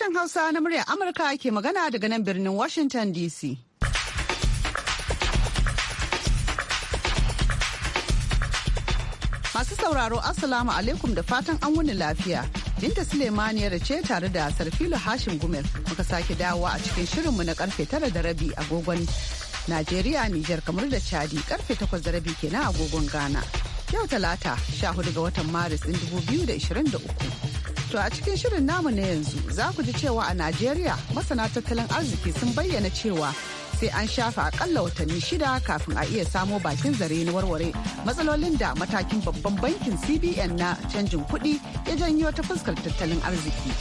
Sashen Hausa na muryar Amurka ke magana daga nan birnin Washington DC. Masu sauraro Assalamu alaikum da fatan an wuni lafiya. Binta da ce tare da Sarfilu Hashim Gumel muka sake dawowa a cikin shirinmu na karfe tara da rabi agogon Najeriya Nijar kamar da Chadi karfe takwas da rabi kenan agogon Ghana. Yau talata 14 ga watan Maris 2023. To a cikin shirin namu na yanzu za ku ji cewa a Najeriya masana tattalin arziki sun bayyana cewa sai an shafa akalla watanni shida kafin a iya samo bakin zare na warware matsalolin da matakin babban bankin cbn na canjin kuɗi ya janyo ta fuskar tattalin arziki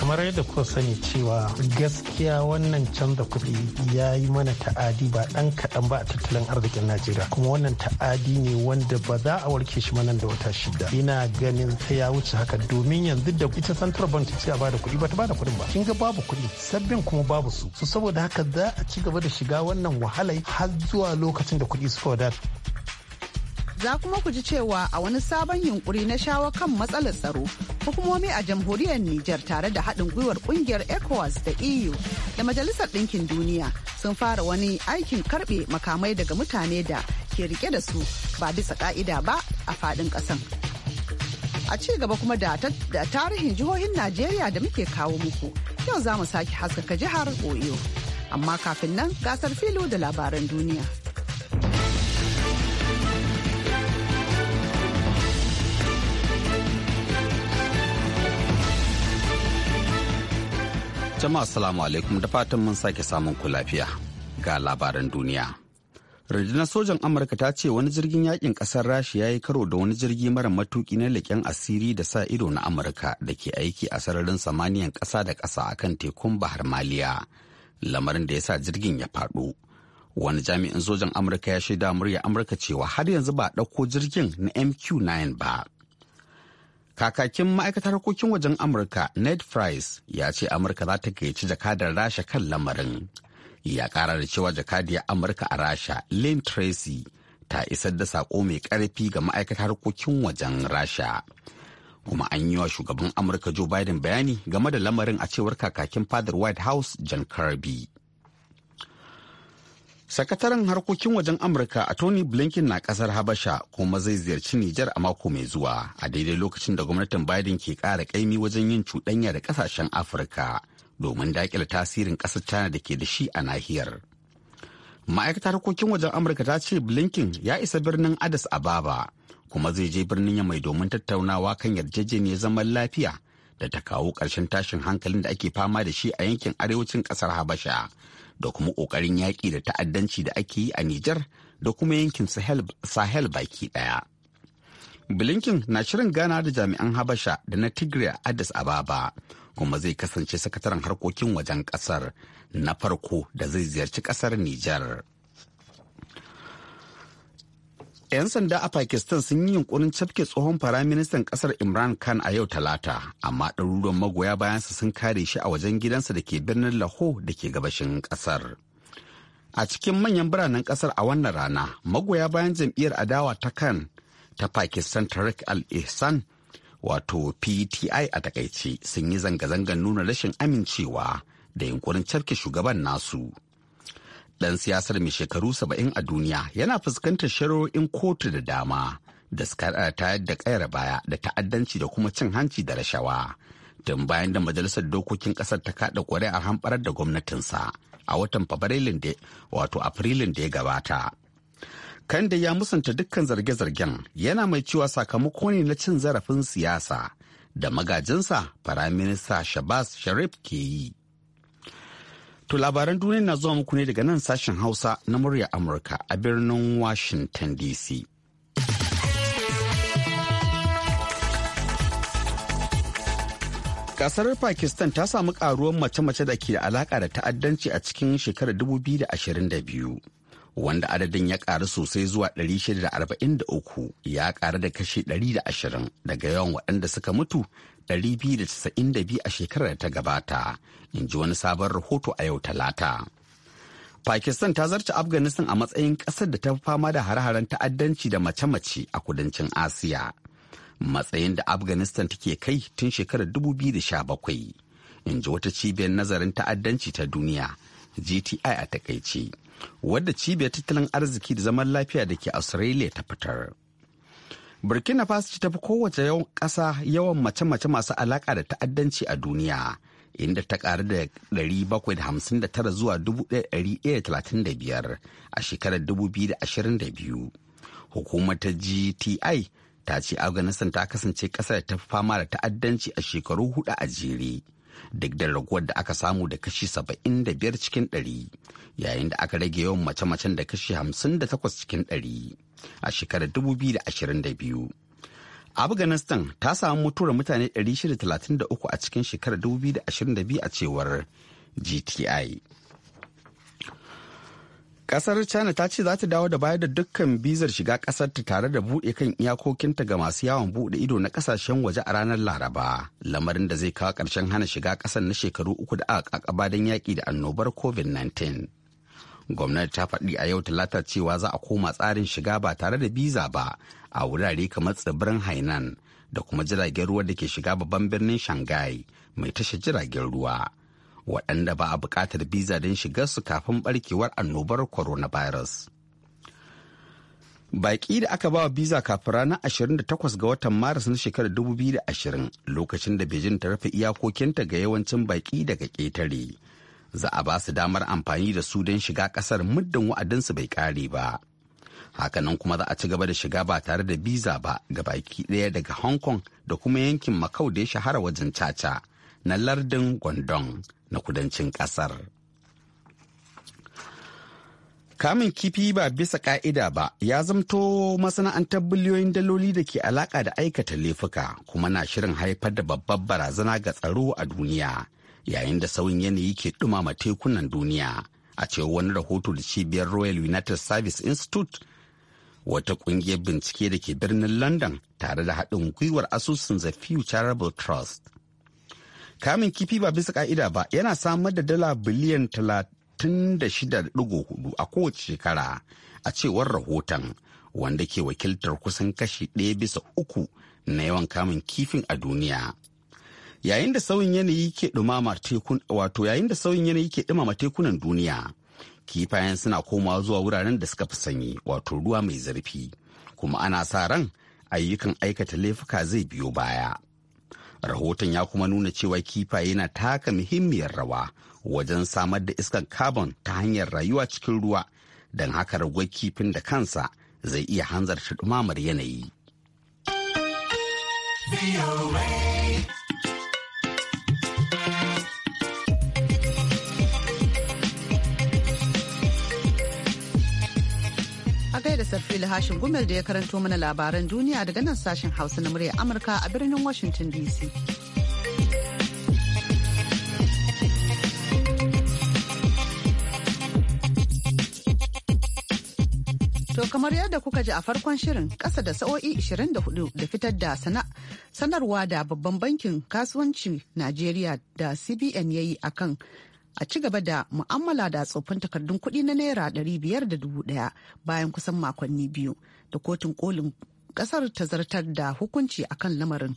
kamar yadda kuka sani cewa gaskiya wannan canza kuɗi ya yi mana ta'adi ba ɗan kaɗan ba a tattalin arzikin najeriya kuma wannan ta'adi ne wanda ba za a warke shi manan da wata shida ina ganin sai ya wuce haka domin yanzu da ita central bank ta ce a bada kuɗi ba ta bada kuɗin ba kin ga babu kuɗi sabbin kuma babu su saboda haka za a ci gaba da shiga wannan wahalai har zuwa lokacin da kuɗi suka wadata. Za kuma ku ji cewa a wani sabon yunkuri na shawo kan matsalar tsaro, hukumomi a jamhuriyar Nijar tare da haɗin gwiwar ƙungiyar ECOWAS da EU da Majalisar Ɗinkin Duniya sun fara wani aikin karɓe makamai daga mutane da ke rike da su ba bisa ƙa'ida ba a faɗin ƙasan. A ci gaba kuma da tarihin jihohin Najeriya da muke kawo muku, yau za mu sake haskaka jihar Oyo. amma kafin nan gasar filo da labaran duniya. Jama'a salamu alaikum da fatan mun sake samun ku lafiya ga labaran duniya. Rundunar sojan Amurka ta ce wani jirgin yakin kasar Rashi ya yi karo da wani jirgi mara matuki na leƙen asiri da sa ido na Amurka da ke aiki a sararin samaniyan ƙasa da ƙasa akan tekun Bahar Maliya. lamarin da ya sa jirgin ya faɗo. Wani jami'in sojan Amurka ya shaida murya Amurka cewa har yanzu ba ɗauko jirgin na MQ-9 ba. Kakakin ma'aikatar harkokin wajen Amurka Ned Price ya ce Amurka za ta gayyaci jakadar Rasha kan lamarin. Ya ƙara da cewa jakadiyar Amurka a Rasha, Lynn Tracy, ta isar da saƙo mai ƙarfi ga ma'aikatar harkokin wajen Rasha. kuma an yi wa shugaban amurka joe biden bayani game da lamarin a cewar kakakin fadar white house john kirby sakataren harkokin wajen amurka a tony blinken na kasar habasha kuma zai ziyarci nijar a mako mai zuwa a daidai lokacin da gwamnatin biden ke kara kaimi wajen yin cuɗanya da kasashen afirka domin daƙile tasirin ƙasar china da ke da shi a nahiyar ma'aikatar harkokin wajen amurka ta ce blinken ya isa birnin addis ababa kuma zai je birnin ya mai domin tattaunawa kan yarjejeniyar zaman lafiya da ta kawo ƙarshen tashin hankalin da ake fama da shi a yankin arewacin ƙasar habasha da kuma ƙoƙarin yaƙi da ta'addanci da ake yi a nijar da kuma yankin sahel baki ɗaya blinken na shirin gana da jami'an habasha da na tigray addis ababa kuma zai kasance sakataren harkokin wajen ƙasar na farko da zai ziyarci ƙasar nijar 'Yan sanda a Pakistan sun yi yunkurin cafke tsohon faraministan kasar Imran Khan a yau talata, amma ɗaruruwan magoya bayansa sun kare shi a wajen gidansa da ke birnin Lahore da ke gabashin kasar. A cikin manyan biranen kasar a wannan rana, magoya bayan jam'iyyar adawa ta kan ta Pakistan Tariq Al-Ihsan wato PTI a takaice sun yi zanga-zangar nuna rashin amincewa da yunkurin cafke shugaban nasu. dan siyasar mai shekaru saba'in a duniya yana fuskantar shari'o'in kotu da dama da suka ta yadda kayar baya da ta'addanci da kuma cin hanci da rashawa tun bayan da majalisar dokokin ƙasar ta kaɗa ƙuri'ar hamɓarar da gwamnatinsa a watan fabrailun da wato afrilun da ya gabata kanda ya musanta dukkan zarge-zargen yana mai cewa sakamako ne na cin zarafin siyasa da magajinsa firaminista shabas sharif ke yi To labaran duniya na zuwa muku ne daga nan sashen Hausa na murya Amurka a birnin Washington DC. Kasar Pakistan ta samu karuwar mace-mace da ke da alaka da ta'addanci a cikin shekarar 2022. Wanda adadin ya ƙaru sosai zuwa 643 ya ƙaru da kashi 120 daga yawan waɗanda suka mutu 292 a shekarar da ta gabata in ji wani sabon rahoto a yau talata pakistan ta zarce afghanistan a matsayin ƙasar da ta fama da hare-haren ta'addanci da mace-mace a kudancin asiya matsayin da afghanistan take kai tun shekarar 2017 in ji wata cibiyar nazarin ta'addanci ta duniya gti a takaice wadda cibiyar tattalin arziki da zaman lafiya da ke australia ta fitar burkina faso ta fi kowace yawan ƙasa yawan mace-mace masu alaƙa da ta'addanci a duniya inda ta ƙaru da da tara zuwa 1135 a shekarar da biyu. hukumar ta gti ta ce afghanistan ta kasance ƙasar da ta fama da ta'addanci a shekaru hudu a jere duk da raguwar da aka samu da kashi 75 cikin 100 yayin da aka rage yawan mace-macen da kashi 58 cikin 100 a shekarar 2022. afghanistan ta samu mutuwar mutane 633 a cikin shekarar 2022 a cewar gti Kasar China ta ce za ta dawo da bayar da dukkan bizar shiga kasar ta tare da buɗe kan iyakokinta ga masu yawon buɗe ido na kasashen waje a ranar Laraba, lamarin da zai kawo ƙarshen hana shiga ƙasar na shekaru uku da aka ƙaƙaba don yaƙi da annobar COVID-19. Gwamnati ta faɗi a yau talata cewa za a koma tsarin shiga ba tare da biza ba a wurare kamar tsibirin Hainan da kuma jiragen ruwa da ke shiga babban birnin Shanghai mai tashar jiragen ruwa. waɗanda ba a buƙatar biza don su kafin barkewar annobar coronavirus. Baƙi da aka bawa biza kafin ranar 28 ga watan Maris na shekarar 2020 lokacin da Beijing ta rufe iyakokinta ga yawancin baƙi daga ƙetare. Za a ba su damar amfani da su don shiga ƙasar muddin wa'adinsu bai ƙare ba. Hakanan kuma za a ci gaba da shiga ba tare da biza ba ga baki ɗaya daga Hong Kong da kuma yankin Makau da ya shahara wajen caca. na lardin Gondon na kudancin ƙasar. Kamun kifi ba bisa ka'ida ba ya zamto masana'antar biliyoyin daloli da ke alaƙa da aikata laifuka kuma na shirin haifar da babbar barazana ga tsaro a duniya yayin da sauyin yanayi ke ɗumama tekunan duniya a cewar wani rahoto da cibiyar Royal United Service Institute wata kungiyar bincike da ke birnin london tare da haɗin gwiwar asusun the futurable trust kamun kifi ba bisa ka'ida ba yana samar da dala biliyan 36.4 a kowace shekara a cewar rahoton wanda ke wakiltar kusan kashi ɗaya bisa uku na yawan kamun kifin a duniya. Yayin da sauyin yanayi ke ɗumama wato yayin da sauyin yanayi ke dumama tekunan duniya, kifayen suna komawa zuwa wuraren da suka fi sanyi wato ruwa mai zurfi, kuma ana sa ran ayyukan aikata laifuka zai biyo baya. rahoton ya kuma nuna cewa kifaye na taka muhimmiyar rawa wajen samar da iskan carbon ta hanyar rayuwa cikin ruwa don haka raguwar kifin da kansa zai iya hanzarta dumamar yanayi. gaida da hashin gumel da ya karanto mana labaran duniya daga nan sashen hausa na murya amurka a birnin washington dc To kamar yadda kuka ji a farkon shirin kasa da sa'o'i 24 da fitar da sanarwa da babban bankin kasuwanci Najeriya da CBN ya yi akan a ci gaba da mu'amala da tsofin takardun kuɗi na naira ɗari biyar da dubu ɗaya bayan kusan makonni biyu da kotun kolin ƙasar ta zartar da hukunci a kan lamarin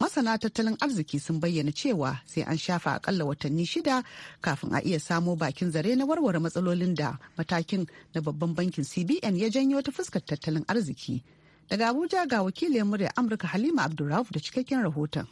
masana tattalin arziki sun bayyana cewa sai an shafa akalla watanni shida kafin a iya samo bakin zare na warware matsalolin da matakin na babban bankin cbn ya janyo ta fuskar tattalin arziki daga abuja ga wakilin murya amurka halima abdulrauf da cikakken rahoton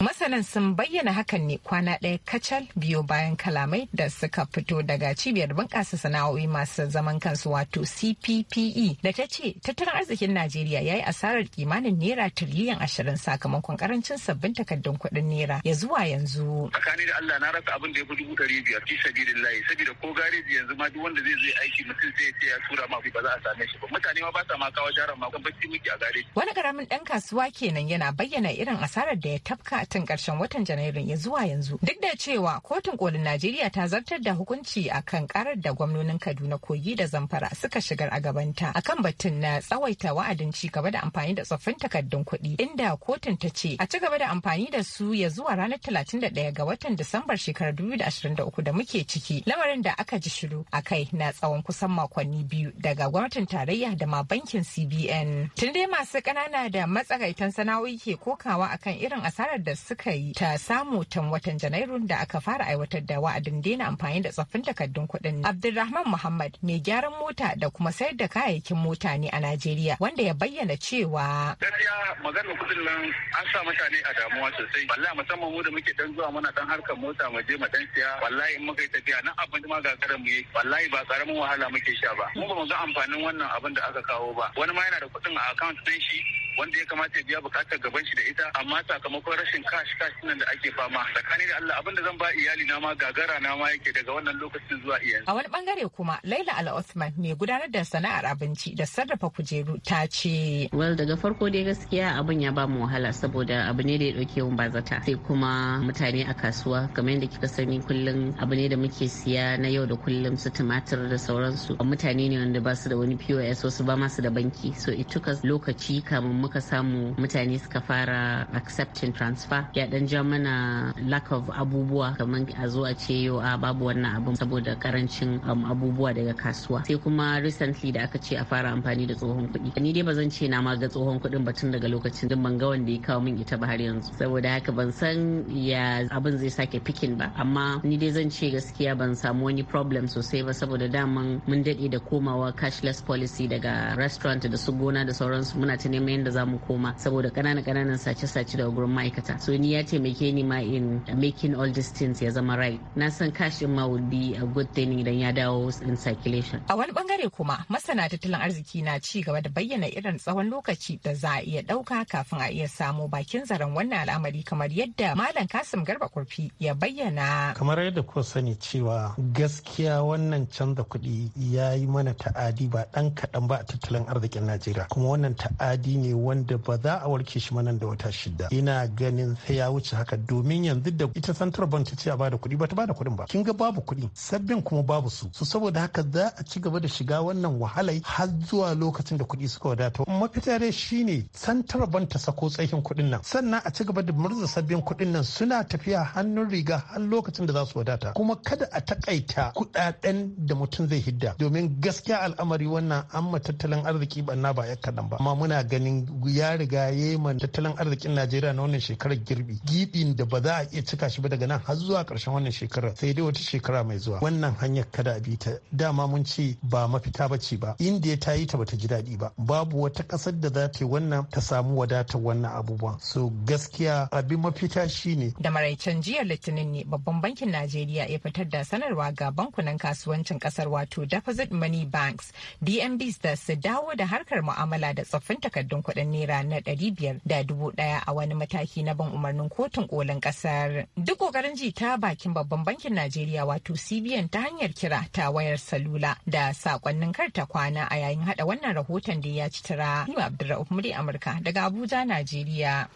Masanan sun bayyana hakan ne kwana ɗaya kacal biyo bayan kalamai da suka fito daga cibiyar bunƙasa sana'o'i masu zaman kansu wato CPPE da ta ce tattalin arzikin Najeriya ya yi asarar kimanin naira tiriliyan ashirin sakamakon karancin sabbin takardun kuɗin naira ya zuwa yanzu. Tsakani da Allah na rasa abin da ya fi dubu ɗari biyar fi sabidin layi saboda ko gareji yanzu ma duk wanda zai zo aiki mutum sai ya ce ya tura ma ba za a same shi ba mutane ma ba sa ma kawo jaran ma kan bacci muke a gareji. Wani karamin ɗan kasuwa kenan yana bayyana irin asarar da ya tafka tun karshen watan janairun ya zuwa yanzu duk da cewa kotun kolin najeriya ta zartar da hukunci akan karar da gwamnonin kaduna kogi da zamfara suka shigar a gabanta akan batun na tsawaita wa'adin ci gaba da amfani da tsoffin takardun kuɗi inda kotun ta ce a ci gaba da amfani da su ya zuwa ranar 31 ga watan disambar shekarar 2023 da muke ciki lamarin da aka ji shiru a kai na tsawon kusan makonni biyu daga gwamnatin tarayya da ma bankin cbn tun dai masu ƙanana da matsakaitan sana'o'i ke kokawa akan irin asarar da da suka yi ta samu tan watan janairun da aka fara aiwatar da wa'adin daina amfani da tsaffin takardun kuɗin abdulrahman muhammad mai gyaran mota da kuma sayar da kayayyakin mota ne a najeriya wanda ya bayyana cewa gaskiya maganar kuɗin nan an sa mutane a damuwa sosai wallahi musamman mu da muke dan zuwa muna dan harkar mota mu je mu dan siya wallahi in muka yi tafiya nan abin ma ga mu yi wallahi ba karamin wahala muke sha ba mu ba mu ga amfanin wannan abin da aka kawo ba wani ma yana da kuɗin a account ɗin shi wanda ya kamata ya biya bukatar gaban shi da ita amma sakamakon rashin kashi kashi nan da ake fama tsakanin da Allah abin zan ba iyali na ma gagara na ma yake daga wannan lokacin zuwa iyali. A wani bangare kuma Laila Al Uthman mai gudanar da sana'ar abinci da sarrafa kujeru ta ce. Well daga farko dai gaskiya abin ya ba mu wahala saboda abu ne da ya dauke mun bazata sai kuma mutane a kasuwa kamar yadda kika sani kullum abu ne da muke siya na yau da kullum su tumatir da sauransu mutane ne wanda ba su da wani POS wasu ba masu da banki so it took us lokaci kamun muka samu mutane suka fara accepting transfer ya dan ja mana lack of abubuwa kamar a zo a ce yau a babu wannan abun saboda karancin um, abubuwa daga kasuwa sai kuma recently da aka ce a fara amfani da tsohon kuɗi ni dai ba zan ce na ma ga tsohon kuɗin batun daga lokacin din ban ga wanda ya kawo min ita ba har yanzu saboda haka ban san ya abin zai sake fikin ba amma ni dai zan ce gaskiya ban samu wani problem sosai ba saboda daman mun daɗe da komawa cashless policy daga restaurant da su gona da sauransu muna ta neman yadda za mu koma saboda ƙananan kananan sace-sace da gurin ma'aikata so ni ya taimake ni ma in making all these things ya zama right na san kashin ma would be a good thing idan ya dawo in circulation a wani bangare kuma masana tattalin arziki na ci gaba da bayyana irin tsawon lokaci da za a iya ɗauka kafin a iya samo bakin zaren wannan al'amari kamar yadda malam kasim garba kurfi ya bayyana kamar yadda ko sani cewa gaskiya wannan canza kuɗi ya yi mana ta'adi ba ɗan kaɗan ba a tattalin arzikin najeriya kuma wannan ta'adi ne wanda ba za a warke shi manan da wata shida ina ganin sai ya wuce haka domin yanzu da ita central bank ta ce a bada kuɗi ba ta bada kuɗin ba kin ga babu kuɗi sabbin kuma babu su su saboda haka za a ci gaba da shiga wannan wahalai har zuwa lokacin da kuɗi suka wadata mafita dai shine central bank ta sako tsakin kuɗin nan sannan a ci gaba da murza sabbin kuɗin nan suna tafiya hannun riga har lokacin da za su wadata kuma kada a takaita kuɗaɗen da mutum zai hidda domin gaskiya al'amari wannan an tattalin arziki banna ba ya kaɗan ba amma muna ganin ya riga ya yi man tattalin arzikin najeriya na wannan shekarar girbi gibin da ba za a iya cika shi ba daga nan har zuwa karshen wannan shekarar sai dai wata shekara mai zuwa wannan hanyar kada bi ta dama mun ce ba mafita ba ce ba indiya ta yi ta bata ji daɗi ba babu wata ƙasar da za ta yi wannan ta samu wadatar wannan abubuwan so gaskiya abin mafita shine da maraicen jiya litinin ne babban bankin najeriya ya fitar da sanarwa ga bankunan kasuwancin kasar wato deposit money banks dmbs da su dawo da harkar mu'amala da tsoffin takardun kuɗin kuɗin naira na ɗari biyar da dubu ɗaya a wani mataki na ban umarnin kotun kolin ƙasar. Duk ƙoƙarin ji ta bakin babban bankin Najeriya wato CBN ta hanyar kira ta wayar salula da sakonnin karta kwana a yayin hada wannan rahoton da ya ci tara. Halima Abdulrauf Muri Amurka daga Abuja, Najeriya.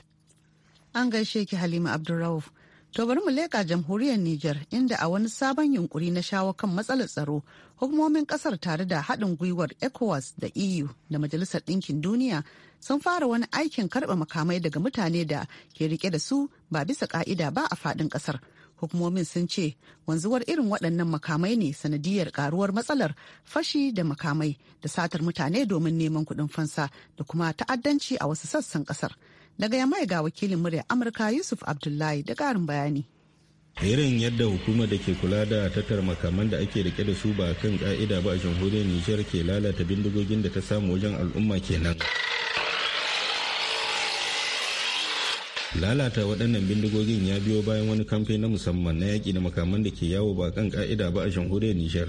An gaishe ki Halima Abdulrauf. To bari mu leƙa jamhuriyar Nijar inda a wani sabon yunkuri na shawo kan matsalar tsaro hukumomin kasar tare da haɗin gwiwar ECOWAS da EU da Majalisar Ɗinkin Duniya sun fara wani aikin karba makamai daga mutane da ke rike da su ba bisa ka'ida ba a faɗin ƙasar. Hukumomin sun ce wanzuwar irin waɗannan makamai ne sanadiyar karuwar matsalar fashi da makamai da satar mutane domin neman kuɗin fansa da kuma ta'addanci a wasu sassan ƙasar. Daga yamai ga wakilin murya Amurka Yusuf Abdullahi da ƙarin bayani. irin yadda hukumar da ke kula da tattar makaman da ake rike da su ba kan ka'ida ba a jamhuriyar nijar ke lalata bindigogin da ta samu wajen al'umma kenan lalata waɗannan bindigogin ya biyo bayan wani kamfe na musamman na yaƙi da makaman da ke yawo ba kan ka'ida ba a jamhuriyar nijar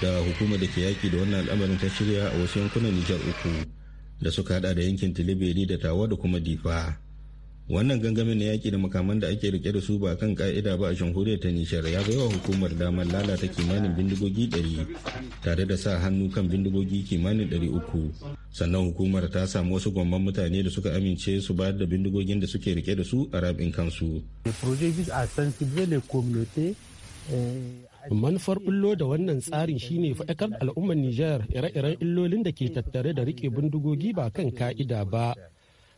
da hukumar da ke yaƙi da wannan al'amarin ta shirya a wasu yankunan nijar uku da suka hada da yankin tilibiri da tawa da kuma difa wannan gangamin na yaƙi da makaman da ake rike da su ba kan ka'ida ba a jamhuriyar ta nishar ya baiwa hukumar damar lalata kimanin bindigogi 100 tare da sa hannu kan bindigogi kimanin 300 sannan hukumar ta samu wasu gwamman mutane da suka amince su bayar da bindigogin da suke rike da su a rabin kansu eh, manufar bullo da wannan tsarin shine faɗakar al'ummar Nijar ire-iren illolin da ke tattare da rike bindigogi ba kan ka'ida ba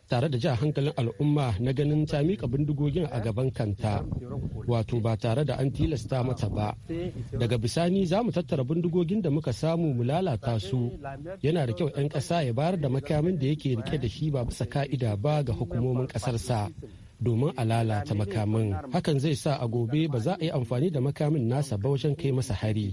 tare da ja hankalin al'umma na ganin ta mika bindigogin a gaban kanta wato ba tare da an tilasta mata ba daga bisani za mu tattara bindigogin da muka samu mu lalata su yana da kyau 'yan ƙasa ya bayar da makamin da yake rike da shi ba bisa ka'ida ba ga hukumomin ƙasarsa domin a lalata makamin hakan zai sa a gobe ba za a yi amfani da makamin nasa ba wajen kai masa hari.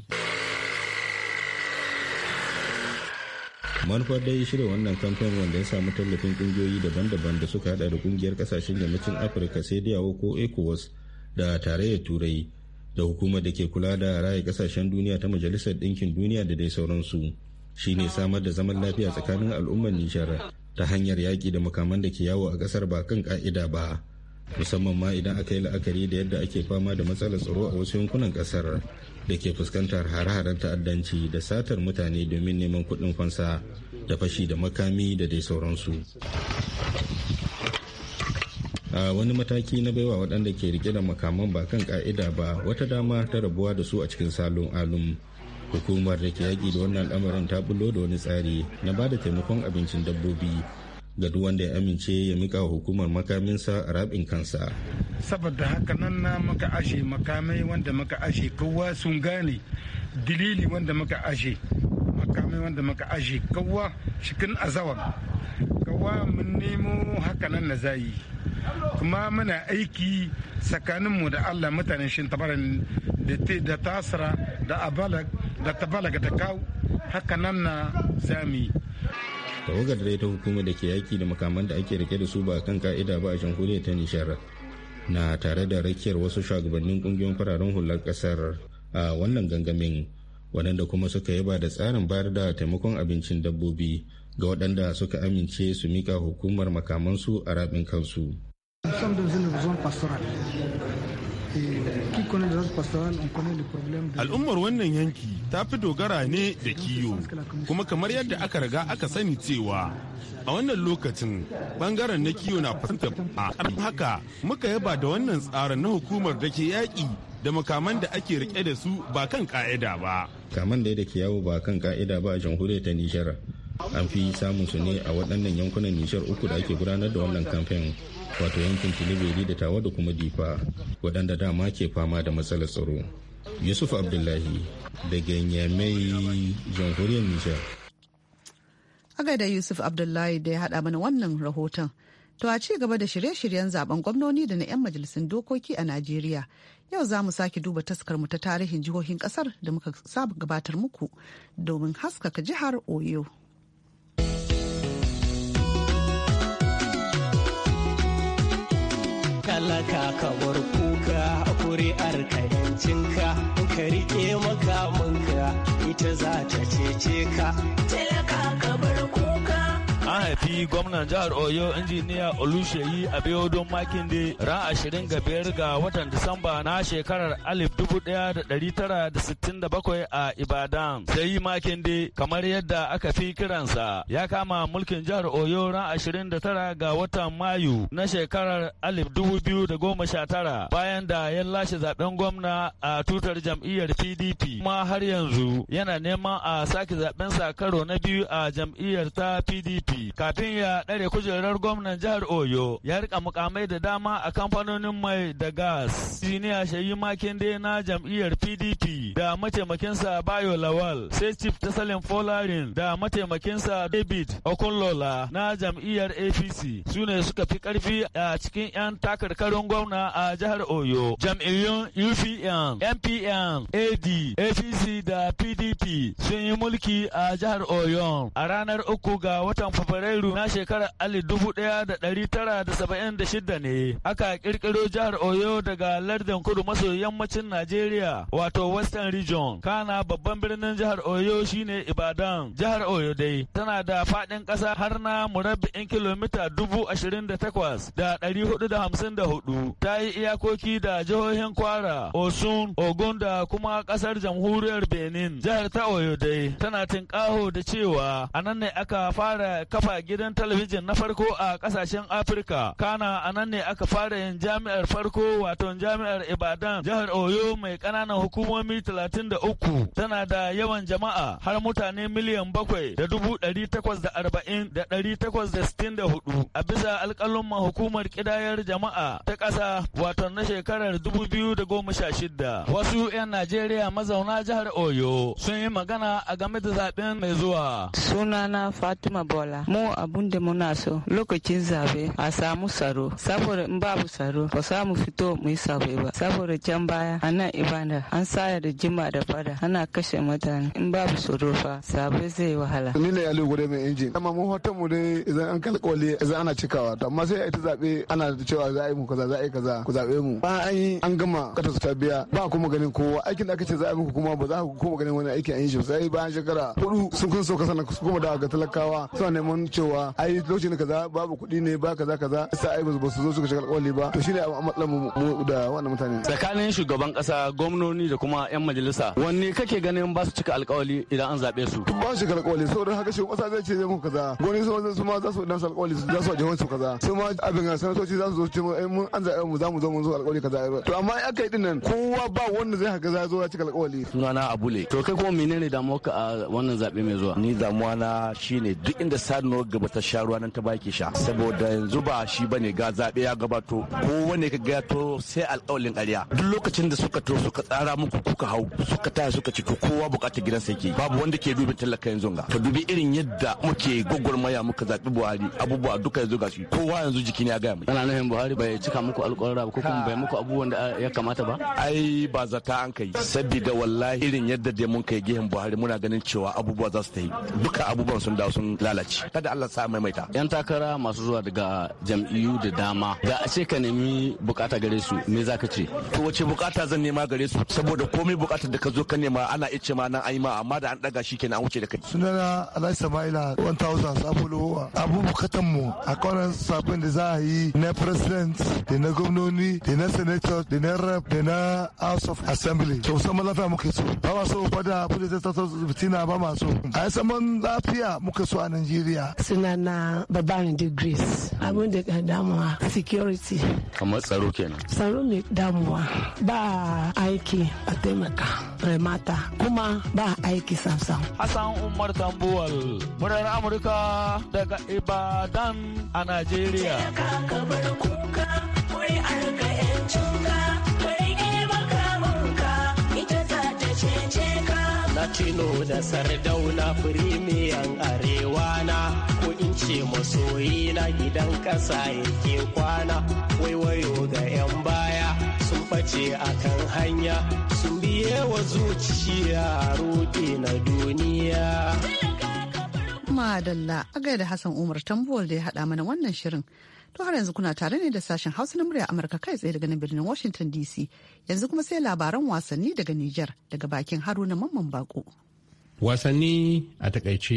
manufar dai shirya wannan kamfen wanda ya samu tallafin kungiyoyi daban-daban da suka hada da kungiyar kasashen yammacin afirka sai yawo ko ecowas da tarayyar turai da hukumar da ke kula da raya kasashen duniya ta majalisar ɗinkin duniya da dai sauransu shine samar da zaman lafiya tsakanin al'ummar nijar ta hanyar yaƙi da makaman da ke yawo a ƙasar ba kan ƙa'ida ba musamman ma idan aka yi la'akari da yadda ake fama da matsalar tsaro a wasu yankunan ƙasar da ke fuskantar hare-haren ta'addanci da satar mutane domin neman kuɗin fansa da fashi da makami da dai sauransu a wani mataki na baiwa waɗanda ke rike da makaman ba kan ƙa'ida ba wata dama ta rabuwa da su a cikin salon alum hukumar da ke yaƙi da wannan lamarin ta bullo da wani tsari na ba da taimakon abincin dabbobi ga duk wanda ya amince ya mika hukumar makaminsa a rabin kansa. saboda haka nan na maka ashe makamai wanda maka ashe kowa sun gane dalili wanda maka ashe makamai wanda maka ashe kowa cikin azawa kowa mun nemo haka nan na zayi kuma muna aiki tsakaninmu da allah mutanen shi tabarin da tasira da abalak da tabalaga da kawo haka nan na zami. tawagar da ta hukumar da ke yaki da makaman da ake rike da su ba kan ka'ida ba a jamhuriyar ta nishar na tare da rakiyar wasu shugabannin kungiyoyin fararen hular kasar a wannan gangamin waɗanda kuma suka yaba da tsarin bayar da taimakon abincin dabbobi ga waɗanda suka amince su mika hukumar makamansu a rabin kansu. Al'ummar wannan yanki ta fi dogara ne da kiyo, kuma kamar yadda aka riga aka sani cewa a wannan lokacin bangaren na kiyo na fasanta a haka muka yaba da wannan tsarin na hukumar da ke yaƙi da makaman da ake rike da su ba kan ka'ida ba. Kaman da da ke yawo ba kan ka'ida ba a jamhuriyar ta Nijar. An fi samun su ne a waɗannan yankunan Nijar uku da ake gudanar da wannan kamfen wato yankin tilibiri da tawa da kuma difa waɗanda dama ke fama da matsalar tsaro yusuf abdullahi daga yamai jamhuriyar nijar da yusuf abdullahi da ya haɗa mana wannan rahoton To a ci gaba da shirye-shiryen zaben gwamnoni da na 'yan majalisun dokoki a Najeriya. Yau za mu sake duba taskar mu ta tarihin jihohin kasar da muka saba gabatar muku domin haskaka jihar Oyo. karyancinka ka rike makamanka ita za ta cece ka. yi gwamnan jihar Oyo injiniya Olusheyi Abiodun Makinde ran ashirin ga biyar ga watan Disamba na shekarar alif dubu da da da tara sittin bakwai a Ibadan. Sai Makinde kamar yadda aka fi kiransa ya kama mulkin jihar Oyo ran ashirin da tara ga watan Mayu na shekarar alif dubu biyu da goma sha tara, bayan da ya lashe zaben gwamna a tutar jam'iyyar PDP kuma har yanzu yana neman a sake zaben sa karo na biyu a jam'iyyar ta PDP kafin kafin ya ɗare kujerar gwamnan jihar Oyo ya rika mukamai da dama a kamfanonin mai da gas. Siniya Shayi Makinde na jam'iyyar PDP da mataimakinsa Bayo Lawal, sai Chief Tasalin Folarin da mataimakinsa David Okunlola na jam'iyyar APC su ne suka fi karfi a cikin 'yan takarkarin gwamna a jihar Oyo. Jam'iyyun UPN, MPN, AD, APC da PDP sun yi mulki a jihar Oyo a ranar uku ga watan Fabrairu na shekarar ali dubu ɗaya da ɗari tara da saba'in da shida ne aka ƙirƙiro jihar Oyo daga lardin kudu maso yammacin Najeriya wato Western Region. Kana babban birnin jihar Oyo shine Ibadan. Jihar Oyo dai tana da faɗin ƙasa har na murabba'in kilomita dubu ashirin da takwas da ɗari hudu da hamsin da hudu. Ta yi iyakoki da jihohin Kwara, Osun, Ogun da kuma ƙasar jamhuriyar Benin. Jihar ta Oyo dai tana tinƙaho da cewa a nan ne aka fara kafa gidan gidan talabijin na farko a kasashen Afirka. Kana a nan ne aka fara yin jami'ar farko wato jami'ar Ibadan jihar Oyo mai ƙananan hukumomi 33 tana da yawan jama'a har mutane miliyan bakwai da dubu ɗari takwas da arba'in da ɗari takwas da sittin da hudu a bisa alƙalumman hukumar ƙidayar jama'a ta ƙasa wato na shekarar dubu biyu da goma sha shida. Wasu 'yan Najeriya mazauna jihar Oyo sun yi magana a game da zaɓen mai zuwa. Sunana Fatima Bola. Mu a abun da muna so lokacin zabe a samu tsaro saboda in babu tsaro ba samu fito mu yi zabe ba saboda can baya a nan ibada an saya da jima da fada ana kashe mutane in babu tsaro fa zabe zai wahala. ni ne yalu gure mai injin amma mun hoto mu dai idan an kalkwale idan ana cikawa to amma sai a ita zabe ana da cewa za a yi mu kaza za a yi kaza ku zabe mu ba an yi an gama kata su ta biya ba kuma ganin kowa aikin da aka ce za a yi muku kuma ba za ku kuma ganin wani aiki a yi shi sai bayan shekara hudu sun kun so kasa kuma da ga talakawa suna neman cewa ai lokacin da kaza babu kuɗi ne ba kaza kaza sai ai ba su zo suka shiga alƙawari ba to shine a matsalar mu da wannan mutane tsakanin shugaban kasa gwamnoni da kuma yan majalisa wanne kake ganin ba su cika alƙawari idan an zaɓe su ba su cika alƙawari saboda haka shi kasa zai ce zai muku kaza gwamnoni su su ma za su dan su alƙawari za su ajiyar su kaza su ma abin ga sanatoci za su zo cewa ai mun an zaɓe mu za mu zo mun zo alƙawari kaza to amma in aka yi dinnan kowa ba wanda zai haka za zo ya cika alƙawari sunana abule to kai kuma menene damuwa ka a wannan zaɓe mai zuwa ni damuwa na shine duk inda sanuwar gaba ta sha ruwa nan ta baki sha saboda yanzu ba shi bane ga zabe ya gabato ko wane ka gato sai alƙawalin ƙarya duk lokacin da suka to suka tsara muku kuka hau suka taya suka ci to kowa bukata gidan yake babu wanda ke dubin talaka yanzu ga ka dubi irin yadda muke gwagwarmaya muka zabi Buhari abubuwa duka yanzu ga shi kowa yanzu jikin ya gaya mu ana nufin Buhari bai cika muku alƙawarra ba ko kuma bai muku abubuwan da ya kamata ba ai ba zata an kai saboda wallahi irin yadda da mun kai gehen Buhari muna ganin cewa abubuwa za su ta yi duka abubuwan sun dawo sun lalace kada Allah sa a maimaita yan takara masu zuwa daga jam'iyyu da dama da a ce ka nemi bukata gare su me za ka ce to wace bukata zan nema gare su saboda komai bukatar da ka zo ka nema ana ice ma nan ai ma amma da an daga shi kenan an wuce da kai sunana alhaji samaila 1000 sabulu abu bukatan mu a kwanan sabon da za a yi na president da na gwamnoni da na senator da na rep da na house of assembly to musamman lafiya muke so ba ma so kwada abu da ta tattara ba ma so a yi saman lafiya muke so a najeriya suna na babban da grace abin da ka damuwa security kamar tsaro kenan tsaro mai damuwa ba aiki a taimaka remata kuma ba aiki samsam hassan umar tambuwal murar amurka daga ibadan a najeriya Latino da Sardauna firimiyan arewa na ce masoyi na gidan ƙasa yake kwana waiwayo ga 'yan baya sun a kan hanya sun biye wa zuciya roƙe na duniya madalla agai da hassan umar tambuwal da ya haɗa mana wannan shirin to har yanzu kuna tare ne da sashen hausa na murya amurka kai tsaye daga nan birnin washington dc yanzu kuma sai labaran wasanni daga niger daga bakin haruna mamman bako wasanni a takaice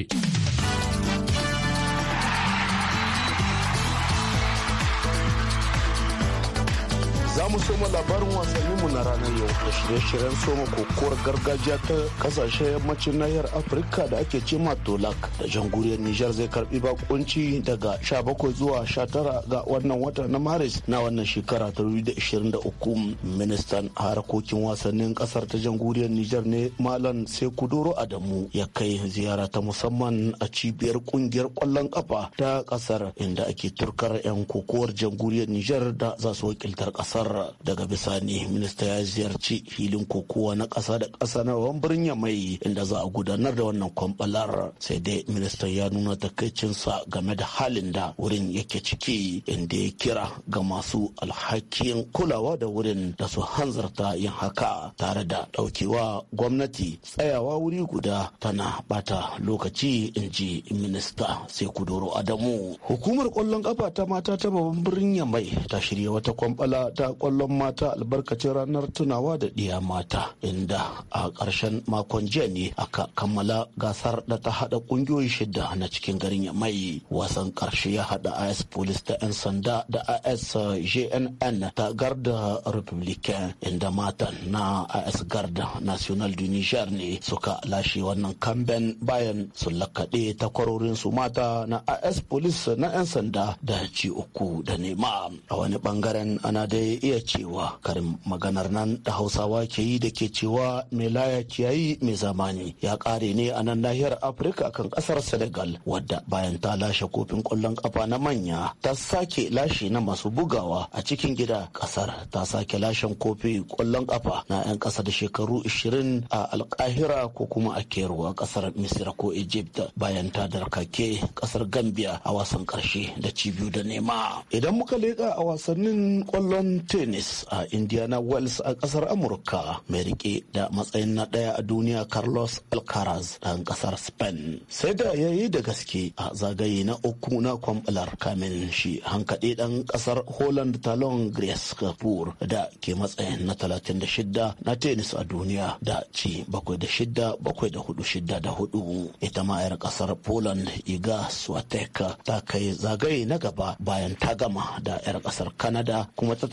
mu soma labarin wasannin mu na ranar yau da shirye-shiryen soma kokowar gargajiya ta kasashe yammacin nahiyar Afirka da ake ce ma Tolak da jamhuriyar Nijar zai karbi bakunci daga 17 zuwa 19 ga wannan wata na Maris na wannan shekara ta 2023. Ministan harkokin wasannin kasar ta jamhuriyar Nijar ne Malam sai kudoro Adamu ya kai ziyara ta musamman a cibiyar kungiyar kwallon kafa ta kasar inda ake turkar 'yan kokowar jamhuriyar Nijar da za su wakiltar kasar Daga bisani minista ya ziyarci filin kokowa na ƙasa da ƙasa na ruwan birnin mai inda za a gudanar da wannan kwambalar sai dai minista ya nuna takaicinsa game da halin da wurin yake ciki inda ya kira ga masu alhakin kulawa da wurin da su hanzarta yin haka tare da daukewa gwamnati tsayawa wuri guda tana bata lokaci in ji minista sai kudoro adamu hukumar ƙwallon ƙafa ta mata ta babban birnin mai ta shirya wata kwambala ta ƙwallon. kwallon mata albarkacin ranar tunawa da ɗiya mata inda a ƙarshen makon jiya ne aka kammala gasar da ta haɗa ƙungiyoyi shida na cikin garin mai wasan ƙarshe ya haɗa is police ta 'yan sanda da is jnn ta garda republican inda matan na is garda national du niger ne suka lashe wannan kamben bayan sun lakaɗe su mata na is police na 'yan sanda da ci uku da nema a wani bangaren ana da iya cewa karin maganar nan da hausawa ke yi da ke cewa mai laya kiyayi mai zamani ya kare ne a nan nahiyar afirka kan kasar senegal wadda bayan ta lashe kofin kwallon kafa na manya ta sake lashe na masu bugawa a cikin gida kasar ta sake lashen kofi kwallon kafa na 'yan kasa da shekaru 20 a alkahira ko kuma a keruwa kasar misira ko egypt bayan ta darkake kasar gambia a wasan karshe da cibiyu da nema idan muka leƙa a wasannin kwallon tenis tennis a indiana wells a kasar amurka mai rike da matsayin na daya a duniya carlos alcaraz dan kasar spain sai da ya yi da gaske a zagaye na uku na kwambalar kamin shi hankaɗe dan kasar holland talon grace kapoor da ke matsayin na 36 na tennis a duniya da ci 7-6 da 4 ita ma 'yar kasar poland iga swatek ta kai zagaye na gaba bayan ta gama da 'yar kasar kanada kuma ta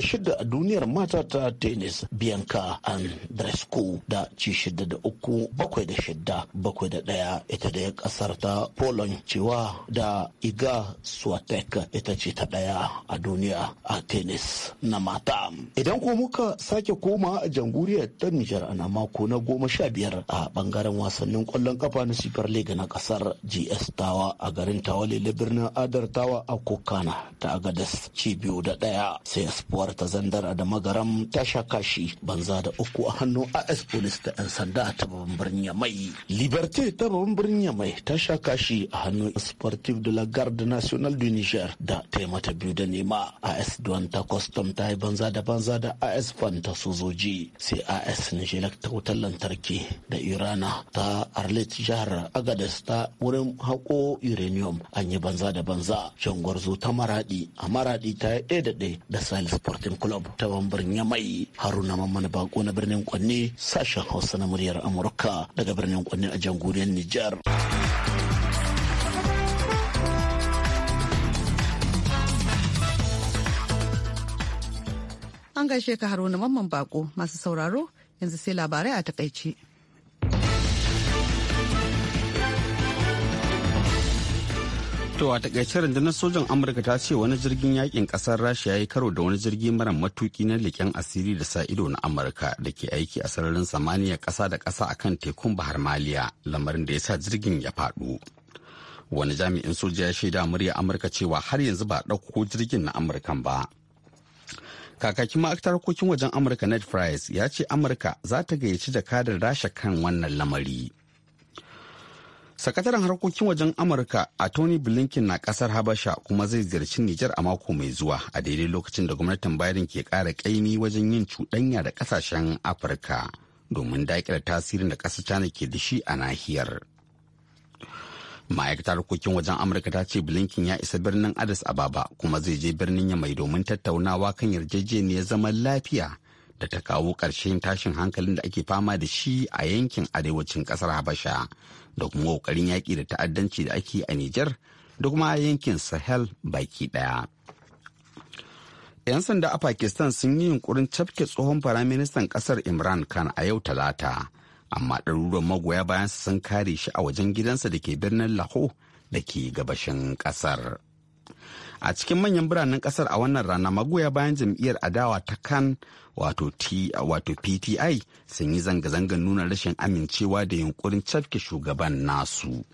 26 a duniyar mata ta tennis bianca andrescu da ci shida da uku bakwai da 6 bakwai da 1 ita da kasar ta poland cewa da iga swatek ita ce ta daya a duniya a tennis na mata idan ko muka sake koma a jamhuriyar ta nijar ana mako na goma sha biyar a bangaren wasannin kwallon kafa na super league na kasar gs tawa a garin tawali birnin adar tawa a kokana ta agadas cibiyu da daya sai spor jihar ta zandara da magaram ta sha kashi banza da uku a hannun as police da 'yan sanda ta babban birnin mai liberté ta babban birnin mai ta sha kashi a hannun sportive de la garde national du niger da ta mata biyu da nema as don ta custom ta yi banza da banza da as fan ta sojoji sai as nijelak ta wutar lantarki da irana ta arlet jihar agades ta wurin hako uranium an yi banza da banza jangwarzo ta maradi a maradi ta yi ɗaya da ɗaya da salis sporting club ta bambarin yamai haruna mamman bako na birnin kwanne sashen hausa na muryar amurka daga birnin kwanne a jamhuriyar nijar an gaishe ka haruna mamman bako masu sauraro yanzu sai labarai a takaici. To a takaice rundunar sojan Amurka ta ce wani jirgin yakin kasar Rasha ya yi karo da wani jirgi mara matuki na leƙen asiri da sa ido na Amurka da ke aiki a sararin samaniya ƙasa da ƙasa akan tekun Bahar Maliya lamarin da ya sa jirgin ya faɗo. Wani jami'in soja ya shaida murya Amurka cewa har yanzu ba ɗauko jirgin na Amurkan ba. Kakakin ma'aikatar harkokin wajen Amurka Ned Price ya ce Amurka za ta gayyaci jakadar Rasha kan wannan lamari. sakataren harkokin wajen amurka a tony blinken na kasar habasha kuma zai ziyarci nijar a mako mai zuwa a daidai lokacin da gwamnatin biden ke kara kaimi wajen yin cuɗanya da kasashen afirka domin daƙile tasirin da ƙasar china ke da shi a nahiyar ma'aikatar harkokin wajen amurka ta ce blinken ya isa birnin addis ababa kuma zai je birnin ya mai domin tattaunawa kan yarjejeniyar zaman lafiya da ta kawo ƙarshen tashin hankalin da ake fama da shi a yankin arewacin ƙasar habasha da kuma ƙoƙarin yaƙi da ta'addanci da ake a Nijar da kuma yankin Sahel baki ɗaya. 'Yan sanda a Pakistan sun yi yunkurin cafke tsohon faraministan ƙasar Imran Khan a yau Talata, amma ɗaruruwan magoya bayan sun kare shi a wajen gidansa da ke birnin Lahore da ke gabashin ƙasar. a cikin manyan biranen kasar a wannan rana magoya bayan jam'iyyar adawa ta kan wato pti sun yi zanga-zangar nuna rashin amincewa da yunkurin cafke shugaban nasu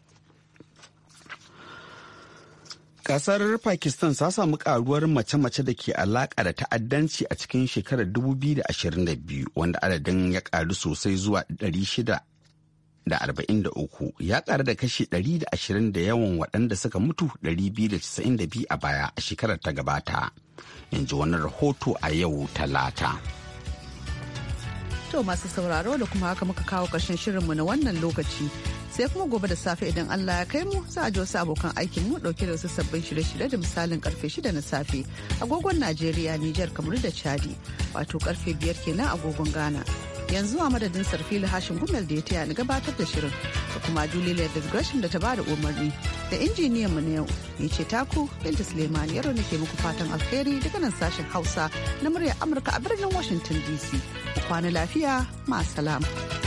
kasar pakistan ta samu karuwar mace-mace da ke alaka da ta'addanci a cikin shekarar 2022 wanda adadin ya karu sosai zuwa 600 da arba'in da uku ya ƙara da kashi ɗari da ashirin da yawan waɗanda suka mutu ɗari biyu da casa'in da biyu a baya a shekarar ta gabata in ji wani rahoto a yau talata. To masu sauraro da kuma haka muka kawo ƙarshen shirinmu na wannan lokaci sai kuma gobe da safe idan Allah ya kai mu za a ji wasu abokan aikin mu dauke da wasu sabbin shirye-shirye da misalin karfe shida na safe agogon Najeriya Nijar kamar da Chadi wato karfe biyar kenan agogon Ghana. yanzu a madadin sarfili hashin gumel da ya taya ni gabatar da shirin da kuma julie leathers gresham da ta ba da umarni da injiniyan mu na yau ni ce taku binta suleiman yaro nake muku fatan alheri daga nan sashen hausa na muryar amurka a birnin washington dc kwana lafiya ma salam.